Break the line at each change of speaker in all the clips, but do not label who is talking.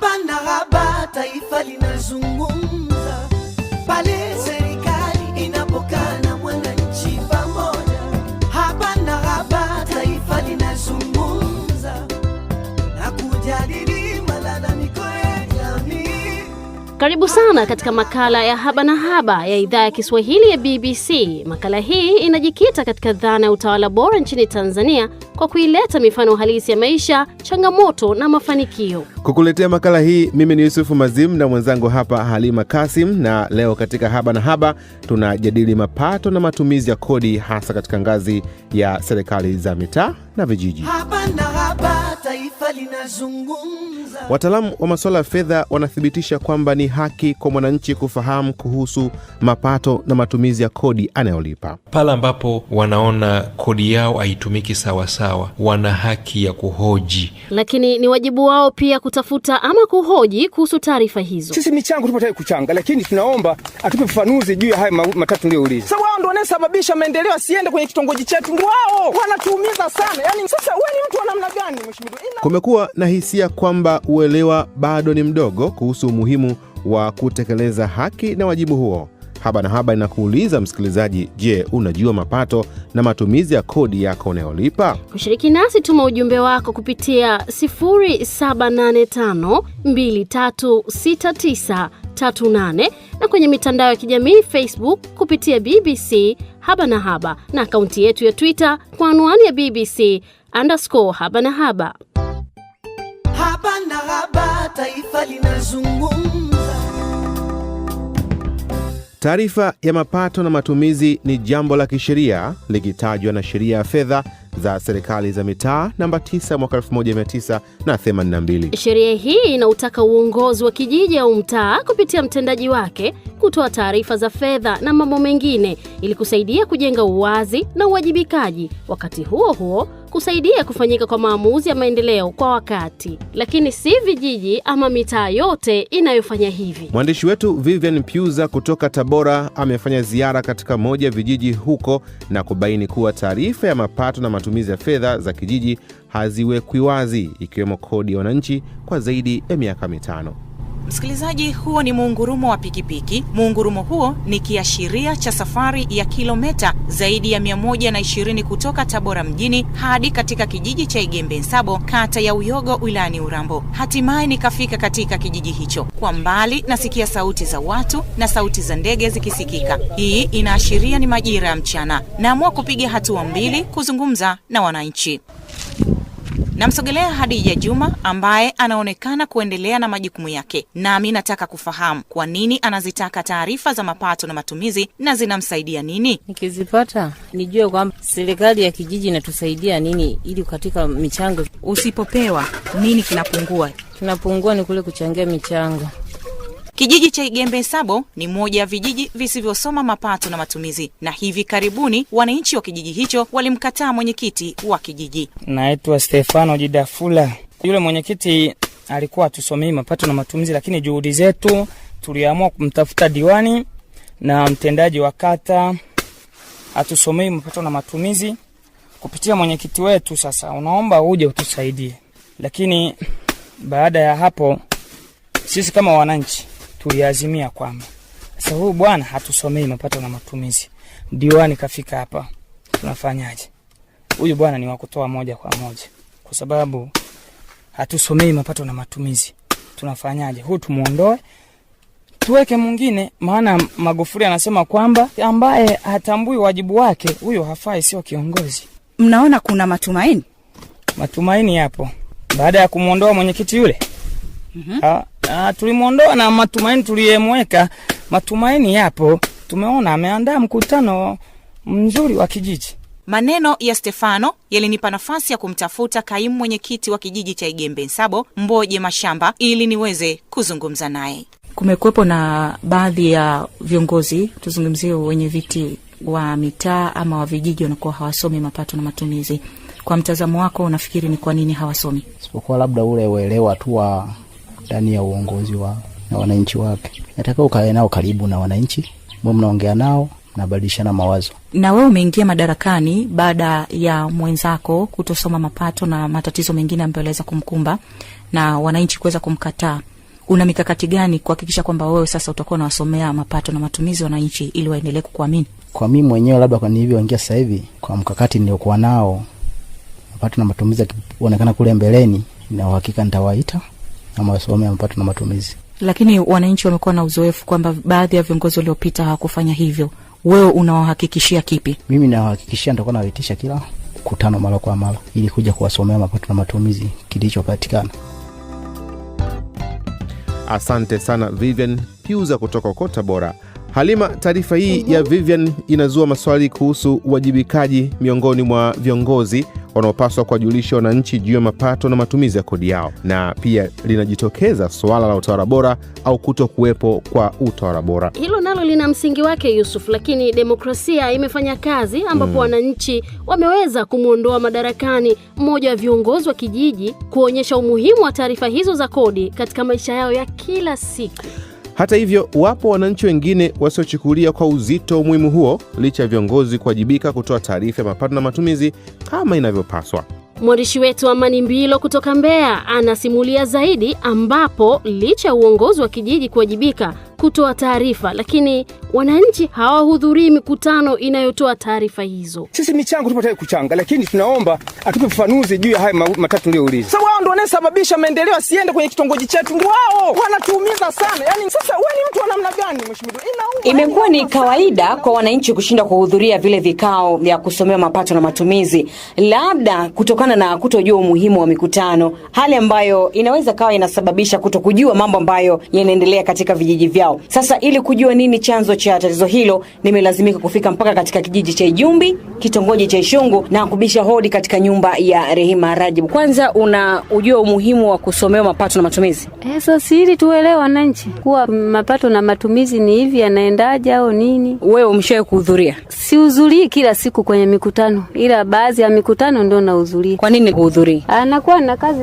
Hapana haba, taifa linazungumza Karibu sana katika makala ya Haba na Haba ya idhaa ya Kiswahili ya BBC. Makala hii inajikita katika dhana ya utawala bora nchini Tanzania kwa kuileta mifano halisi ya maisha, changamoto na mafanikio.
Kukuletea makala hii mimi ni Yusufu mazim na mwenzangu hapa Halima Kasim, na leo katika Haba na Haba tunajadili mapato na matumizi ya kodi hasa katika ngazi ya serikali za mitaa na vijiji. Haba na Haba taifa linazungumza. Wataalamu wa masuala ya fedha wanathibitisha kwamba ni haki kwa mwananchi kufahamu kuhusu mapato na matumizi ya kodi anayolipa.
Pale ambapo wanaona kodi yao haitumiki sawasawa, wana haki ya kuhoji,
lakini ni wajibu wao pia kutafuta ama kuhoji kuhusu taarifa hizo.
Sisi michango tupo tayari kuchanga, lakini tunaomba atupe ufafanuzi juu ya haya matatu niliyouliza.
Sasa wao ndio wanasababisha maendeleo asiende kwenye kitongoji chetu, wao wanatuumiza sana. Yani sasa wewe ni mtu wa namna gani mheshimiwa?
Kumekuwa na hisia kwamba uelewa bado ni mdogo kuhusu umuhimu wa kutekeleza haki na wajibu huo. Haba na Haba inakuuliza msikilizaji, je, unajua mapato na matumizi ya kodi yako unayolipa?
Kushiriki nasi, tuma ujumbe wako kupitia 0785236938 na kwenye mitandao ya kijamii Facebook kupitia BBC Haba na Haba na akaunti yetu ya Twitter kwa anwani ya BBC underscore haba na haba. Haba na haba, taifa
linazungumza. Taarifa ya mapato na matumizi ni jambo la kisheria likitajwa na sheria ya fedha za serikali za mitaa namba 9 mwaka 1982.
Sheria hii inautaka uongozi wa kijiji au mtaa kupitia mtendaji wake kutoa taarifa za fedha na mambo mengine ili kusaidia kujenga uwazi na uwajibikaji, wakati huo huo kusaidia kufanyika kwa maamuzi ya maendeleo kwa wakati, lakini si vijiji ama mitaa yote inayofanya hivi.
Mwandishi wetu Vivian Pyuza kutoka Tabora amefanya ziara katika moja vijiji huko na kubaini kuwa taarifa ya mapato na matumizi ya fedha za kijiji haziwekwi wazi, ikiwemo kodi ya wananchi kwa zaidi ya miaka mitano.
Msikilizaji, huo ni muungurumo wa pikipiki. Muungurumo huo ni kiashiria cha safari ya kilometa zaidi ya 120 kutoka Tabora mjini hadi katika kijiji cha Igembe Nsabo, kata ya Uyogo, wilayani Urambo. Hatimaye nikafika katika kijiji hicho. Kwa mbali nasikia sauti za watu na sauti za ndege zikisikika. Hii inaashiria ni majira ya mchana. Naamua kupiga hatua mbili kuzungumza na wananchi. Namsogelea Hadija Juma ambaye anaonekana kuendelea na majukumu yake, nami nataka kufahamu kwa nini anazitaka taarifa za mapato na matumizi na zinamsaidia nini?
Nikizipata nijue kwamba serikali ya kijiji inatusaidia nini, ili katika michango.
Usipopewa nini kinapungua?
Kinapungua ni kule kuchangia michango
Kijiji cha Igembe Sabo ni moja ya vijiji visivyosoma mapato na matumizi, na hivi karibuni wananchi wa kijiji hicho walimkataa mwenyekiti wa kijiji.
Naitwa Stefano Jidafula. Yule mwenyekiti alikuwa atusomei mapato na matumizi, lakini juhudi zetu tuliamua kumtafuta diwani na mtendaji wa kata, hatusomei mapato na matumizi kupitia mwenyekiti wetu. Sasa unaomba uje utusaidie, lakini baada ya hapo sisi kama wananchi tuliazimia kwamba sasa huyu bwana hatusomei mapato na matumizi, diwani kafika hapa, tunafanyaje? Huyu bwana ni wakutoa moja kwa moja, kwa sababu hatusomei mapato na matumizi, tunafanyaje? Huyu tumuondoe tuweke mwingine, maana Magufuli anasema kwamba ambaye hatambui wajibu wake huyo hafai, sio kiongozi.
Mnaona kuna matumaini?
Matumaini yapo baada ya kumwondoa mwenyekiti yule. mm -hmm uh, tulimwondoa na matumaini tuliyemweka, matumaini yapo, tumeona ameandaa mkutano mzuri wa kijiji.
Maneno ya Stefano yalinipa nafasi ya kumtafuta kaimu mwenyekiti wa kijiji cha Igembe Nsabo, Mboje Mashamba, ili niweze kuzungumza naye.
Kumekuwepo na baadhi ya viongozi, tuzungumzie wenye viti wa mitaa ama wa vijiji, wanakuwa hawasomi mapato na matumizi. Kwa mtazamo wako, unafikiri ni kwa nini hawasomi,
isipokuwa labda ule uelewa tu wa ndani ya uongozi wa na wananchi wake. Nataka ukae nao karibu na wananchi, mwe mnaongea nao, mnabadilishana mawazo.
Na wewe umeingia madarakani baada ya mwenzako kutosoma mapato na matatizo mengine ambayo yaweza kumkumba na wananchi kuweza kumkataa una mikakati gani kuhakikisha kwamba wewe sasa utakuwa unawasomea mapato na matumizi wananchi ili waendelee kukuamini?
Kwa mimi mwenyewe, labda kwa nilivyoingia sasa hivi, kwa mkakati niliokuwa nao, mapato na matumizi yakionekana kule mbeleni, na uhakika nitawaita na masomo mapato na matumizi.
Lakini wananchi wamekuwa na uzoefu kwamba baadhi ya viongozi waliopita hawakufanya hivyo. Wewe unawahakikishia kipi?
Mimi nawahakikishia ntakuwa nawaitisha kila kutano mara kwa mara, ili kuja kuwasomea mapato na matumizi kilichopatikana.
Asante sana Vivian Piuza kutoka huko Tabora. Halima, taarifa hii ya Vivian inazua maswali kuhusu uwajibikaji miongoni mwa viongozi wanaopaswa kuwajulisha wananchi juu ya mapato na matumizi ya kodi yao, na pia linajitokeza suala la utawala bora au kuto kuwepo kwa utawala bora.
Hilo nalo lina msingi wake Yusuf, lakini demokrasia imefanya kazi ambapo mm, wananchi wameweza kumwondoa madarakani mmoja wa viongozi wa kijiji kuonyesha umuhimu wa taarifa hizo za kodi katika maisha yao ya kila siku.
Hata hivyo, wapo wananchi wengine wasiochukulia kwa uzito umuhimu huo licha ya viongozi kuwajibika kutoa taarifa ya mapato na matumizi kama inavyopaswa.
Mwandishi wetu Amani Mbilo kutoka Mbeya anasimulia zaidi, ambapo licha ya uongozi wa kijiji kuwajibika kutoa taarifa, lakini wananchi hawahudhurii mikutano inayotoa taarifa hizo.
Sisi michango tupo tayari kuchanga, lakini tunaomba atupe ufafanuzi juu ya haya matatu uliouliza.
Sasa wao ndo wanasababisha maendeleo asiende kwenye kitongoji chetu, ndio wao wanatuumiza sana. Yani sasa wewe ni mtu wa namna gani mheshimiwa?
Imekuwa ni kawaida kwa wananchi kushindwa kuhudhuria vile vikao vya kusomewa mapato na matumizi, labda kutokana na kutojua umuhimu wa mikutano, hali ambayo inaweza kawa inasababisha kutokujua mambo ambayo yanaendelea katika vijiji vyao yao. Sasa ili kujua nini chanzo cha tatizo hilo, nimelazimika kufika mpaka katika kijiji cha Ijumbi, kitongoji cha Ishungu, na kubisha hodi katika nyumba ya Rehema Rajibu.
Kwanza, una ujua umuhimu wa kusomewa mapato na matumizi?
Eh, sasa Eso ili tuelewe wananchi kuwa mapato na matumizi ni hivi, yanaendaje au nini?
Wewe umeshawahi kuhudhuria?
Sihudhurii kila siku kwenye mikutano, ila baadhi ya mikutano ndio nahudhuria.
Kwa nini kuhudhurii?
Anakuwa ah, na kazi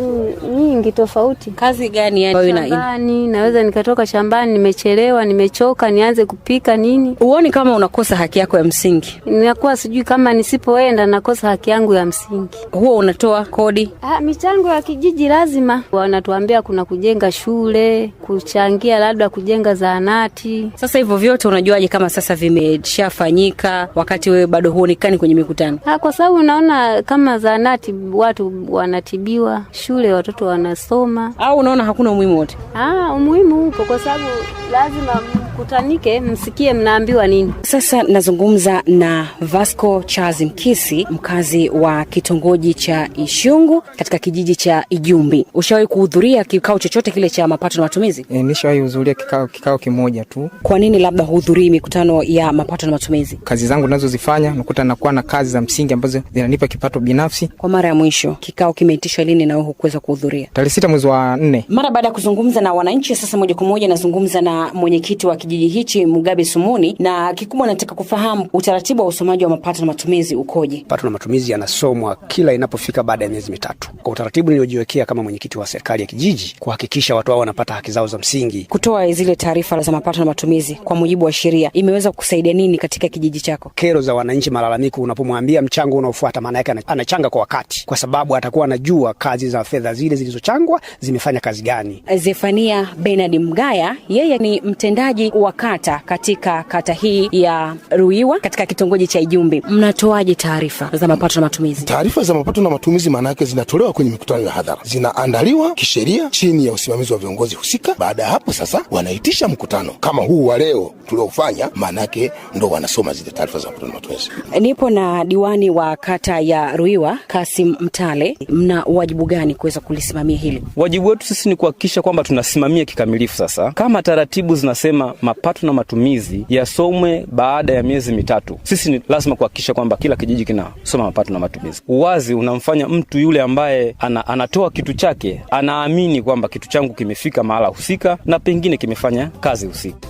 nyingi tofauti.
Kazi gani
yani? Shambani, naweza nikatoka shambani nimechelewa nimechelewa, nimechoka, nianze kupika nini?
Huoni kama unakosa haki yako ya msingi?
Ninakuwa sijui kama nisipoenda nakosa haki yangu ya msingi.
Huo unatoa kodi?
Ah, michango ya kijiji lazima. Wanatuambia kuna kujenga shule, kuchangia labda kujenga zahanati.
Sasa hivyo vyote unajuaje kama sasa vimeshafanyika wakati wewe bado huonekani kwenye mikutano?
Ah, kwa sababu unaona kama zahanati watu wanatibiwa, shule watoto wanasoma.
Au unaona hakuna umuhimu wote?
Ah, umuhimu upo kwa sababu la lazima mkutanike, msikie mnaambiwa nini.
Sasa nazungumza na Vasco Charles Mkisi, mkazi wa kitongoji cha Ishungu katika kijiji cha Ijumbi. Ushawahi kuhudhuria kikao chochote kile cha mapato na matumizi?
E, nishawahi hudhuria kikao, kikao kimoja tu.
Kwa nini labda huhudhurii mikutano ya mapato na matumizi?
Kazi zangu nazozifanya nakuta nakuwa na kazi za msingi ambazo zinanipa kipato binafsi.
Kwa mara ya mwisho kikao kimeitishwa lini na wewe hukuweza kuhudhuria?
Tarehe sita mwezi wa nne.
Mara baada ya kuzungumza na wananchi, sasa moja kwa moja nazungumza na mwenyekiti wa kijiji hichi Mugabe Sumuni, na kikubwa nataka kufahamu utaratibu wa usomaji wa mapato na matumizi ukoje?
Mapato na matumizi yanasomwa kila inapofika baada ya miezi mitatu kwa utaratibu niliojiwekea kama mwenyekiti wa serikali ya kijiji kuhakikisha watu hao wanapata haki zao za msingi.
Kutoa zile taarifa za mapato na matumizi kwa mujibu wa sheria imeweza kusaidia nini katika kijiji chako?
Kero za wananchi, malalamiko, unapomwambia mchango unaofuata, maana yake anachanga kwa wakati, kwa sababu atakuwa anajua kazi za fedha zile zilizochangwa zimefanya kazi gani.
Zefania Benard Mgaya yeye ni mtendaji wa kata katika kata hii ya Ruiwa katika kitongoji cha Ijumbi, mnatoaje taarifa za mapato na matumizi?
Taarifa za mapato na matumizi maana yake zinatolewa kwenye mikutano ya hadhara, zinaandaliwa kisheria chini ya usimamizi wa viongozi husika. Baada ya hapo sasa wanaitisha mkutano kama huu wa leo tuliofanya, maana yake ndo wanasoma zile taarifa za mapato na matumizi.
Nipo na diwani wa kata ya Ruiwa Kasim Mtale, mna wajibu gani kuweza kulisimamia hili?
Wajibu wetu sisi ni kuhakikisha kwamba tunasimamia kikamilifu sasa kama taratibu sababu zinasema mapato na matumizi yasomwe baada ya miezi mitatu. Sisi ni lazima kuhakikisha kwamba kila kijiji kinasoma mapato na matumizi. Uwazi unamfanya mtu yule ambaye ana, anatoa kitu chake anaamini kwamba kitu changu kimefika mahala husika na pengine kimefanya kazi husika.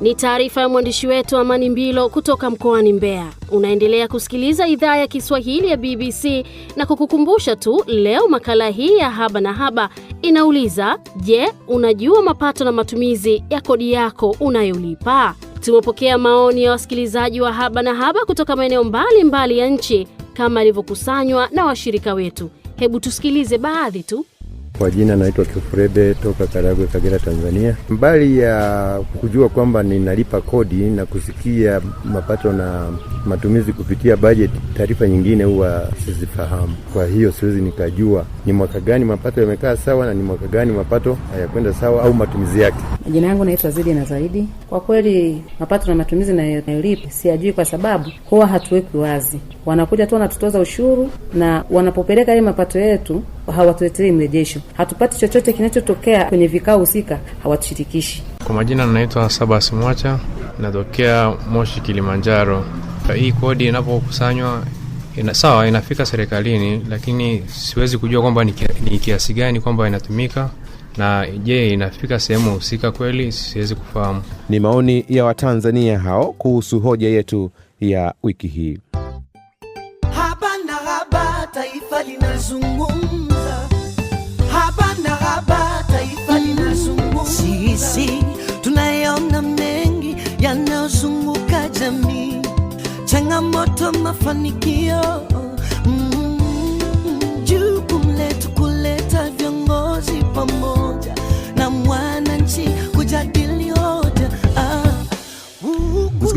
Ni taarifa ya mwandishi wetu Amani Mbilo kutoka mkoani Mbeya. Unaendelea kusikiliza idhaa ya Kiswahili ya BBC na kukukumbusha tu, leo makala hii ya Haba na Haba inauliza, je, unajua mapato na matumizi ya kodi yako unayolipa? Tumepokea maoni ya wasikilizaji wa Haba na Haba kutoka maeneo mbalimbali ya nchi kama ilivyokusanywa na washirika wetu. Hebu tusikilize baadhi tu.
Kwa jina naitwa Kifurebe toka Karagwe, Kagera, Tanzania. Mbali ya kujua kwamba ninalipa kodi na kusikia mapato na matumizi kupitia bajeti, taarifa nyingine huwa sizifahamu. Kwa hiyo siwezi nikajua ni mwaka gani mapato yamekaa sawa na ni mwaka gani mapato hayakwenda sawa au matumizi yake.
Jina yangu naitwa Zidi na Zaidi. Kwa kweli mapato na matumizi nayolipa siyajui, kwa sababu huwa hatuweki wazi. Wanakuja tu wanatutoza ushuru, na wanapopeleka ile mapato yetu hawatuletei mrejesho hatupati chochote kinachotokea kwenye vikao husika, hawatushirikishi.
Kwa majina naitwa Sabas Mwacha, natokea Moshi, Kilimanjaro. Hii kodi inapokusanywa ina, sawa inafika serikalini, lakini siwezi kujua kwamba ni, ni kiasi gani kwamba inatumika na je, inafika sehemu husika kweli? Siwezi kufahamu.
Ni maoni ya Watanzania hao kuhusu hoja yetu ya wiki hii. Haba na haba, taifa linazungumza hizi tunayaona mengi yanayozunguka jamii, changamoto, mafanikio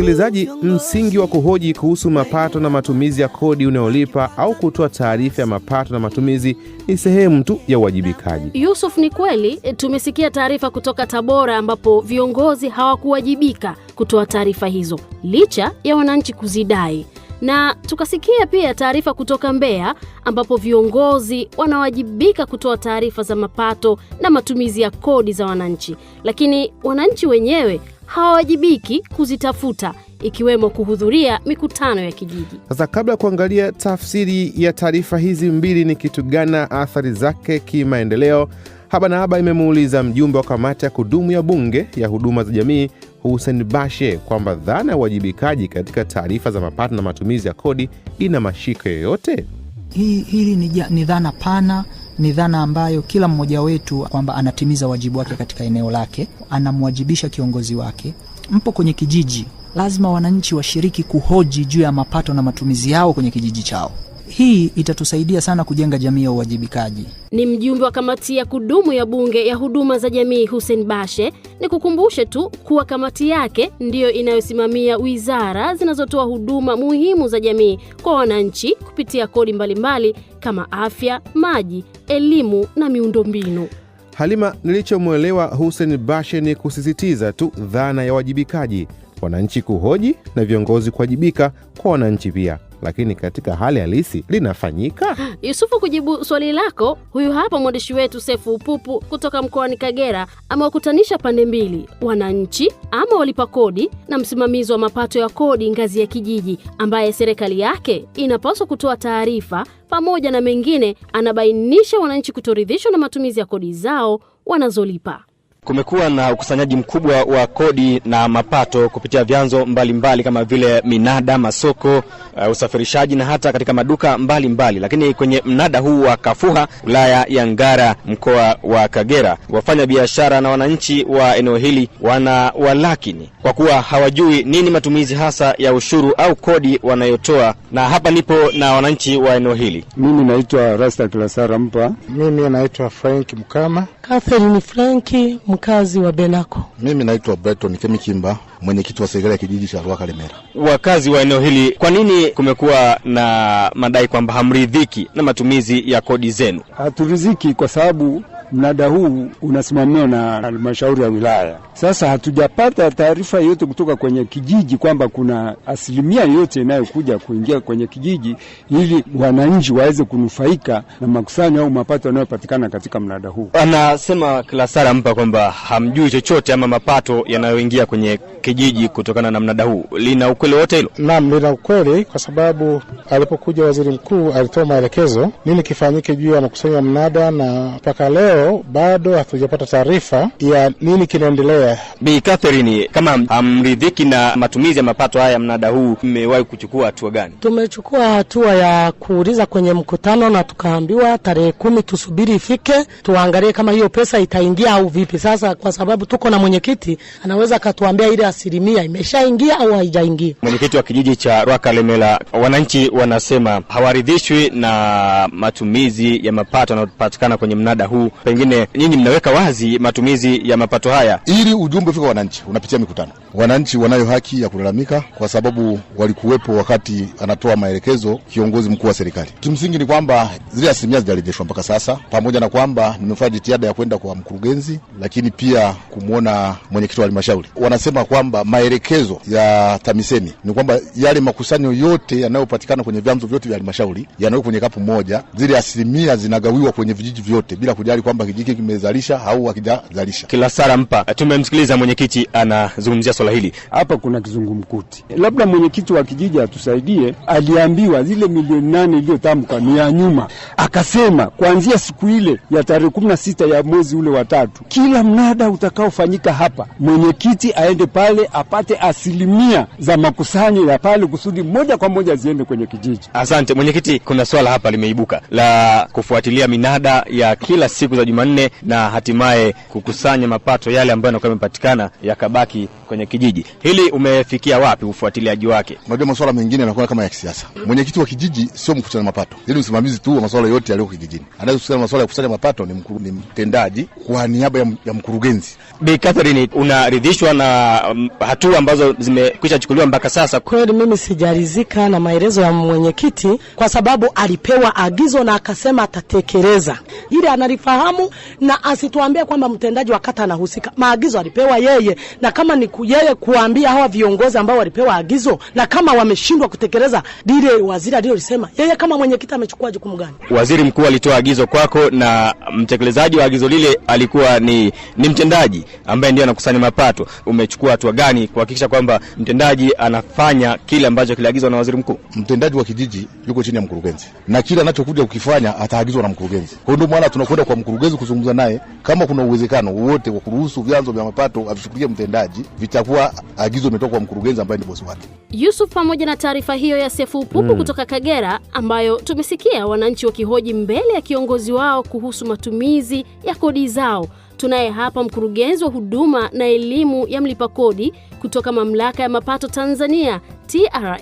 Msikilizaji, msingi wa kuhoji kuhusu mapato na matumizi ya kodi unayolipa au kutoa taarifa ya mapato na matumizi ni sehemu tu ya uwajibikaji.
Yusuf, ni kweli e, tumesikia taarifa kutoka Tabora ambapo viongozi hawakuwajibika kutoa taarifa hizo licha ya wananchi kuzidai na tukasikia pia taarifa kutoka Mbeya ambapo viongozi wanawajibika kutoa taarifa za mapato na matumizi ya kodi za wananchi, lakini wananchi wenyewe hawawajibiki kuzitafuta ikiwemo kuhudhuria mikutano ya kijiji.
Sasa, kabla ya kuangalia tafsiri ya taarifa hizi mbili, ni kitu gana athari zake kimaendeleo, Haba na Haba imemuuliza mjumbe wa kamati ya kudumu ya bunge ya huduma za jamii husen Bashe kwamba dhana ya uwajibikaji katika taarifa za mapato na matumizi ya kodi ina mashiko yoyote.
Hili ni, ni dhana pana ni dhana ambayo kila mmoja wetu kwamba anatimiza wajibu wake katika eneo lake, anamwajibisha kiongozi wake. Mpo kwenye kijiji, lazima wananchi washiriki kuhoji juu ya mapato na matumizi yao kwenye kijiji chao. Hii itatusaidia sana kujenga jamii ya uwajibikaji. Ni mjumbe wa kamati ya kudumu ya bunge ya huduma za jamii Hussein Bashe. Ni kukumbushe tu kuwa kamati yake ndiyo inayosimamia wizara zinazotoa huduma muhimu za jamii kwa wananchi kupitia kodi mbalimbali kama afya, maji, elimu na miundombinu.
Halima, nilichomwelewa Hussein Bashe ni kusisitiza tu dhana ya uwajibikaji, wananchi kuhoji na viongozi kuwajibika kwa wananchi pia lakini katika hali halisi linafanyika?
Yusufu, kujibu swali lako, huyu hapa mwandishi wetu Sefu Upupu kutoka mkoani Kagera amewakutanisha pande mbili, wananchi ama walipa kodi na msimamizi wa mapato ya kodi ngazi ya kijiji, ambaye serikali yake inapaswa kutoa taarifa pamoja na mengine. Anabainisha wananchi kutoridhishwa na matumizi ya kodi zao wanazolipa.
Kumekuwa na ukusanyaji mkubwa wa kodi na mapato kupitia vyanzo mbalimbali mbali kama vile minada, masoko, uh, usafirishaji na hata katika maduka mbalimbali mbali. Lakini kwenye mnada huu wa Kafuha, wilaya ya Ngara, mkoa wa Kagera, wafanya biashara na wananchi wa eneo hili wana walakini kwa kuwa hawajui nini matumizi hasa ya ushuru au kodi wanayotoa, na hapa nipo na wananchi wa eneo hili.
Mimi naitwa Rasta Kilasara Mpa. Mimi naitwa Frank Mkama
Catherine Franki, mkazi wa Benako.
Mimi naitwa Breton Kemikimba, mwenyekiti wa serikali ya kijiji cha Ruaka Lemera.
Wakazi wa eneo hili, kwa nini kumekuwa na madai kwamba hamridhiki na matumizi ya kodi zenu?
Haturidhiki kwa sababu mnada huu unasimamiwa na halmashauri ya wilaya. Sasa hatujapata taarifa yoyote kutoka kwenye kijiji kwamba kuna asilimia yoyote inayokuja kuingia kwenye kijiji ili wananchi waweze kunufaika na makusanyo au mapato yanayopatikana katika mnada huu.
Anasema Klasara Mpa kwamba hamjui chochote ama mapato yanayoingia kwenye kijiji kutokana na mnada huu. Lina ukweli wote hilo?
Naam, lina ukweli kwa sababu alipokuja waziri mkuu alitoa maelekezo nini kifanyike juu ya makusanyo ya mnada na mpaka leo leo bado hatujapata taarifa ya nini kinaendelea.
Bi Catherine, kama hamridhiki na matumizi ya mapato haya mnada huu, mmewahi kuchukua hatua gani?
Tumechukua hatua ya kuuliza kwenye mkutano na tukaambiwa tarehe kumi tusubiri ifike, tuangalie kama hiyo pesa itaingia au vipi. Sasa kwa sababu tuko na mwenyekiti, anaweza akatuambia ile asilimia imeshaingia au haijaingia.
Mwenyekiti wa kijiji cha Rwakalemela, wananchi wanasema hawaridhishwi na matumizi ya mapato yanayopatikana kwenye mnada huu pengine nyinyi mnaweka wazi matumizi ya mapato haya
ili ujumbe ufike wananchi, unapitia mikutano. Wananchi wanayo haki ya kulalamika kwa sababu walikuwepo wakati anatoa maelekezo kiongozi mkuu wa serikali. Kimsingi ni kwamba zile asilimia hazijarejeshwa mpaka sasa, pamoja na kwamba nimefanya jitihada ya kwenda kwa mkurugenzi, lakini pia kumwona mwenyekiti wa halmashauri. Wanasema kwamba maelekezo ya TAMISEMI ni kwamba yale makusanyo yote yanayopatikana kwenye vyanzo vyote vya halmashauri yanawekwa kwenye kapu moja, zile asilimia zinagawiwa kwenye vijiji vyote bila kujali kwa kwamba kijiji kimezalisha au hakijazalisha.
Kila sara mpa. Tumemsikiliza mwenyekiti anazungumzia swala hili
hapa. Kuna kizungumkuti, labda mwenyekiti wa kijiji atusaidie. Aliambiwa zile milioni nane iliyotamka ni ya nyuma, akasema kuanzia siku ile ya tarehe kumi na sita ya mwezi ule wa tatu, kila mnada utakaofanyika hapa mwenyekiti aende pale apate asilimia za makusanyo ya pale kusudi moja kwa moja ziende kwenye kijiji.
Asante mwenyekiti, kuna swala hapa limeibuka la kufuatilia minada ya kila siku za wa Jumanne na hatimaye kukusanya mapato yale ambayo yanakuwa yamepatikana yakabaki kwenye kijiji. Hili umefikia wapi ufuatiliaji wake?
Unajua, masuala mengine yanakuwa kama ya kisiasa. Mwenyekiti wa kijiji sio mkusanya mapato, ili msimamizi tu wa masuala yote yaliyo kijijini. Anayekusanya masuala ya kukusanya mapato ni, mkuru, ni mtendaji kwa niaba ya, ya mkurugenzi.
Bi Catherine, unaridhishwa na um, hatua ambazo zimekwisha chukuliwa mpaka sasa?
Kweli mimi sijaridhika na maelezo ya mwenyekiti, kwa sababu alipewa agizo na akasema atatekeleza, ile analifahamu anafahamu na asituambie kwamba mtendaji wa kata anahusika. Maagizo alipewa yeye, na kama ni yeye kuambia hawa viongozi ambao walipewa agizo, na kama wameshindwa kutekeleza dile waziri aliyolisema yeye, kama mwenyekiti amechukua jukumu gani?
Waziri mkuu alitoa agizo kwako, na mtekelezaji wa agizo lile alikuwa ni, ni mtendaji ambaye ndio anakusanya mapato. Umechukua hatua gani kuhakikisha kwamba mtendaji anafanya kile ambacho kiliagizwa na waziri mkuu?
Mtendaji wa kijiji yuko chini ya mkurugenzi, na kile anachokuja kukifanya ataagizwa na mkurugenzi. Kwa hiyo ndio maana tunakwenda kwa mkurugenzi hatuwezi kuzungumza naye. Kama kuna uwezekano wowote wa kuruhusu vyanzo vya mapato avishughulikie mtendaji, vitakuwa agizo imetoka kwa mkurugenzi ambaye ni bosi wake.
Yusuf, pamoja na taarifa hiyo ya Sefu Pupu mm, kutoka Kagera ambayo tumesikia wananchi wakihoji mbele ya kiongozi wao kuhusu matumizi ya kodi zao, tunaye hapa mkurugenzi wa huduma na elimu ya mlipa kodi kutoka mamlaka ya mapato Tanzania TRA,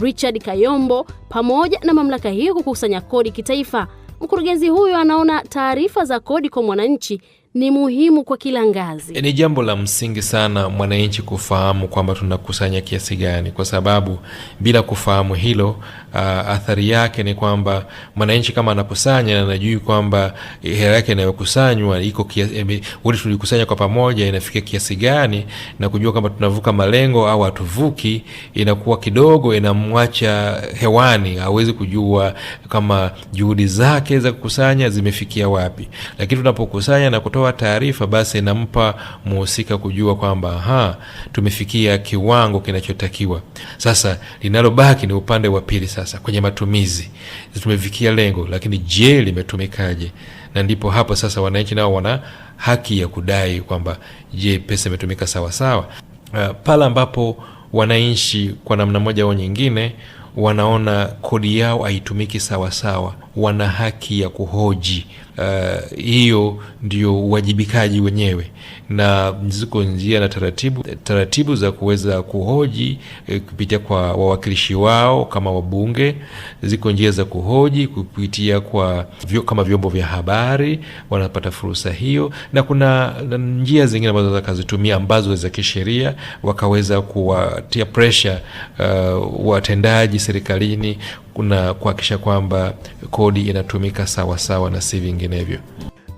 Richard Kayombo, pamoja na mamlaka hiyo kukusanya kodi kitaifa Mkurugenzi huyo anaona taarifa za kodi kwa mwananchi ni muhimu kwa kila ngazi.
Ni jambo la msingi sana mwananchi kufahamu kwamba tunakusanya kiasi gani, kwa sababu bila kufahamu hilo Ah, athari yake ni kwamba mwananchi kama anakusanya na anajui kwamba hela yake inayokusanywa iko kiasi tulikusanya kwa pamoja inafikia kiasi gani, na kujua kama tunavuka malengo au hatuvuki, inakuwa kidogo inamwacha hewani, hawezi kujua kama juhudi zake za kukusanya zimefikia wapi. Lakini tunapokusanya na kutoa taarifa, basi inampa muhusika kujua kwamba ha, tumefikia kiwango kinachotakiwa. Sasa linalobaki ni upande wa pili sasa sasa kwenye matumizi tumefikia lengo, lakini je, limetumikaje? Na ndipo hapo sasa wananchi nao wana haki ya kudai kwamba je, pesa imetumika sawasawa. Uh, ah, pale ambapo wananchi kwa namna moja au nyingine wanaona kodi yao haitumiki sawasawa, wana haki ya kuhoji Eh, hiyo uh, ndio uwajibikaji wenyewe, na ziko njia na taratibu taratibu za kuweza kuhoji eh, kupitia kwa wawakilishi wao kama wabunge. Ziko njia za kuhoji kupitia kwa vyo, kama vyombo vya habari wanapata fursa hiyo, na kuna na njia zingine ambazo wakazitumia ambazo za kisheria wakaweza kuwatia pressure uh, watendaji serikalini, kuna kuhakikisha kwamba kodi inatumika sawasawa na si vinginevyo.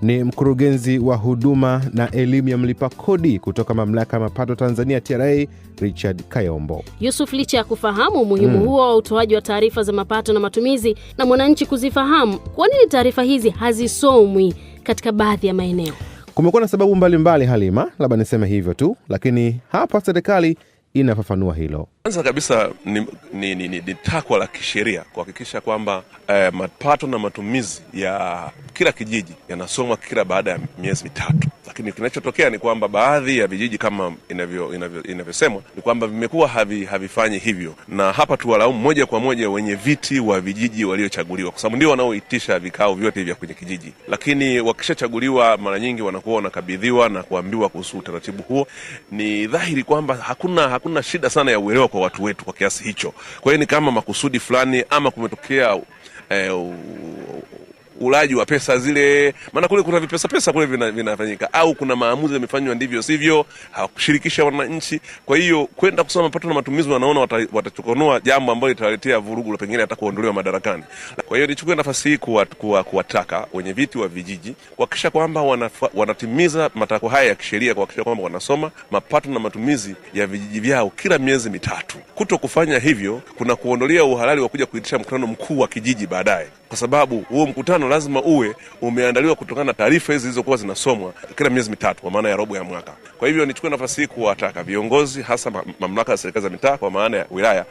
Ni mkurugenzi wa huduma na elimu ya mlipa kodi kutoka mamlaka ya mapato Tanzania TRA Richard Kayombo.
Yusuf, licha ya kufahamu umuhimu mm. huo wa utoaji wa taarifa za mapato na matumizi na mwananchi kuzifahamu, kwa nini taarifa hizi hazisomwi katika baadhi ya maeneo?
Kumekuwa na sababu mbalimbali mbali, Halima, labda niseme hivyo tu, lakini hapa serikali inafafanua hilo.
Kwanza kabisa ni, ni, ni, ni, ni takwa la kisheria kuhakikisha kwamba eh, mapato na matumizi ya kila kijiji yanasomwa kila baada ya miezi mitatu, lakini kinachotokea ni kwamba baadhi ya vijiji kama inavyosemwa inavyo, inavyo ni kwamba vimekuwa havi, havifanyi hivyo, na hapa tuwalaumu moja kwa moja wenye viti wa vijiji waliochaguliwa, kwa sababu ndio wanaoitisha vikao vyote vya kwenye kijiji, lakini wakishachaguliwa mara nyingi wanakuwa wanakabidhiwa na kuambiwa kuhusu utaratibu huo. Ni dhahiri kwamba hakuna hakuna shida sana ya uelewa kwa watu wetu kwa kiasi hicho. Kwa hiyo ni kama makusudi fulani ama kumetokea eh, ulaji wa pesa zile, maana kule kuna vipesa pesa kule vinafanyika vina, au kuna maamuzi yamefanywa ndivyo sivyo, hawakushirikisha wananchi. Kwa hiyo kwenda kusoma mapato na matumizi, wanaona watachokonoa jambo ambalo litawaletea vurugu, la pengine hata kuondolewa madarakani. Kwa hiyo nichukue nafasi hii kuwa, kuwa, kuwataka wenye viti wa vijiji kuhakikisha kwamba wanatimiza matakwa haya ya kisheria, kuhakikisha kwamba wanasoma mapato na matumizi ya vijiji vyao kila miezi mitatu. Kuto kufanya hivyo kuna kuondolea uhalali wa kuja kuitisha mkutano mkuu wa kijiji baadaye kwa sababu huo mkutano lazima uwe umeandaliwa kutokana na taarifa hizi zilizokuwa zinasomwa kila miezi mitatu kwa maana ya robo ya mwaka. Kwa hivyo nichukue nafasi hii kuwataka viongozi hasa mamlaka ya serikali za mitaa kwa maana ya wilaya,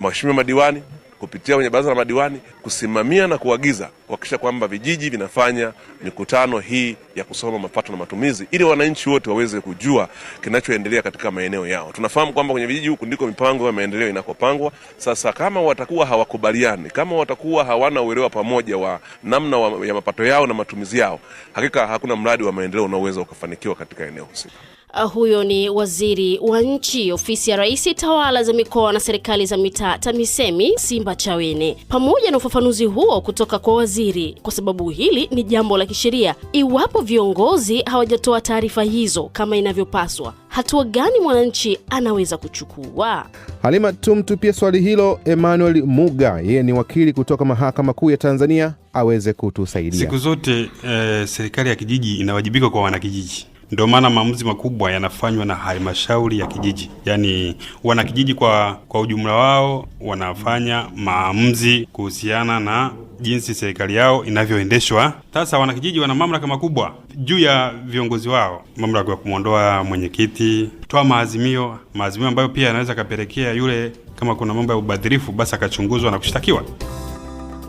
mheshimiwa madiwani kupitia kwenye baraza la madiwani kusimamia na kuagiza kuhakikisha kwamba vijiji vinafanya mikutano hii ya kusoma mapato na matumizi, ili wananchi wote waweze kujua kinachoendelea katika maeneo yao. Tunafahamu kwamba kwenye vijiji huku ndiko mipango ya maendeleo inakopangwa. Sasa kama watakuwa hawakubaliani, kama watakuwa hawana uelewa pamoja wa namna wa, ya mapato yao na matumizi yao, hakika hakuna mradi wa maendeleo unaoweza ukafanikiwa katika eneo husika.
Uh, huyo ni waziri wa nchi ofisi ya Rais, tawala za mikoa na serikali za mitaa, TAMISEMI, Simba Chawene, pamoja na ufafanuzi huo kutoka kwa waziri, kwa sababu hili ni jambo la kisheria. Iwapo viongozi hawajatoa taarifa hizo kama inavyopaswa, hatua gani mwananchi anaweza kuchukua?
Halima, tumtupie swali hilo Emmanuel Muga, yeye ni wakili kutoka Mahakama Kuu ya Tanzania, aweze kutusaidia.
Siku zote eh, serikali ya kijiji inawajibika kwa wanakijiji ndio maana maamuzi makubwa yanafanywa na halmashauri ya kijiji, yaani wanakijiji kwa, kwa ujumla wao wanafanya maamuzi kuhusiana na jinsi serikali yao inavyoendeshwa. Sasa wanakijiji wana mamlaka makubwa juu ya viongozi wao, mamlaka ya kumwondoa mwenyekiti, toa maazimio, maazimio ambayo pia yanaweza akapelekea yule, kama kuna mambo ya ubadhirifu, basi akachunguzwa na kushtakiwa.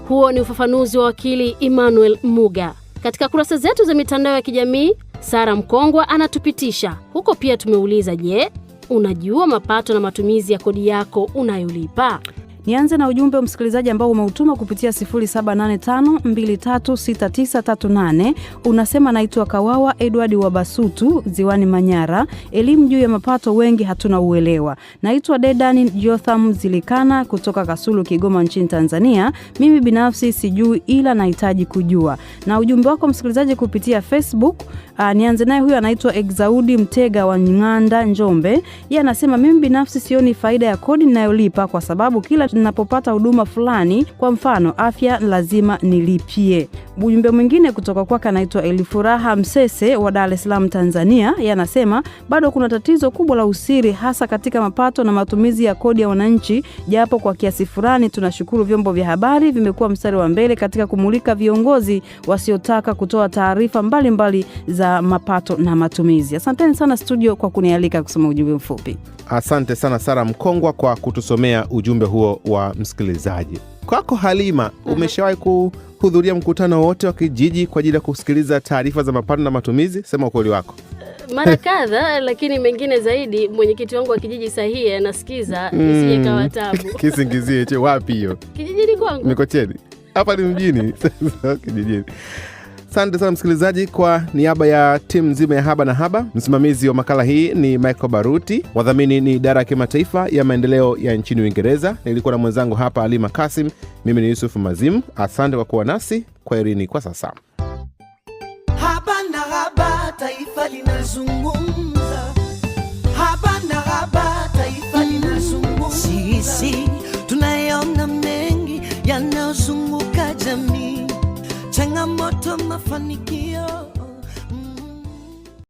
Huo ni ufafanuzi wa wakili Emmanuel Muga. Katika kurasa zetu za mitandao ya kijamii Sara Mkongwa anatupitisha huko. Pia tumeuliza je, unajua mapato na matumizi ya kodi yako unayolipa? Nianze na ujumbe wa msikilizaji ambao umeutuma kupitia 0785236938 unasema, naitwa Kawawa Edward wa Basutu, Ziwani Manyara. Elimu juu ya mapato wengi hatuna uelewa. Naitwa Dedan Jotham Zilikana kutoka Kasulu, Kigoma nchini Tanzania. Mimi binafsi sijui, ila nahitaji kujua. Na ujumbe wako msikilizaji kupitia Facebook Uh, nianze naye huyu anaitwa Exaudi Mtega wa Ng'anda Njombe. Yeye anasema mimi binafsi sioni faida ya kodi ninayolipa kwa sababu kila ninapopata huduma fulani, kwa mfano afya, lazima nilipie. Ujumbe mwingine kutoka kwake anaitwa Elifuraha Msese wa Dar es Salaam Tanzania. Yeye anasema bado kuna tatizo kubwa la usiri hasa katika mapato na matumizi ya kodi ya wananchi, japo kwa kiasi fulani tunashukuru vyombo vya habari vimekuwa mstari wa mbele katika kumulika viongozi wasiotaka kutoa taarifa mbalimbali za za mapato na matumizi. Asanteni sana studio kwa kunialika kusoma ujumbe mfupi.
Asante sana Sara Mkongwa kwa kutusomea ujumbe huo wa msikilizaji. Kwako Halima, umeshawahi kuhudhuria mkutano wote wa kijiji kwa ajili ya kusikiliza taarifa za mapato na matumizi? Sema ukweli wako
eh, mara kadha lakini mengine zaidi mwenyekiti wangu wa kijiji sahihi anasikiza hmm.
kisingizie che wapi hiyo
kijijini kwangu
mikocheni hapa ni mjini kijijini Asante sana msikilizaji, kwa niaba ya timu nzima ya Haba na Haba, msimamizi wa makala hii ni Michael Baruti, wadhamini ni idara ya kimataifa ya maendeleo ya nchini Uingereza. Nilikuwa na mwenzangu hapa Alima Kasim, mimi ni Yusuf Mazim. Asante kwa kuwa nasi, kwa kwaherini kwa sasa. Haba na Haba, taifa linazungumza. changamoto, mafanikio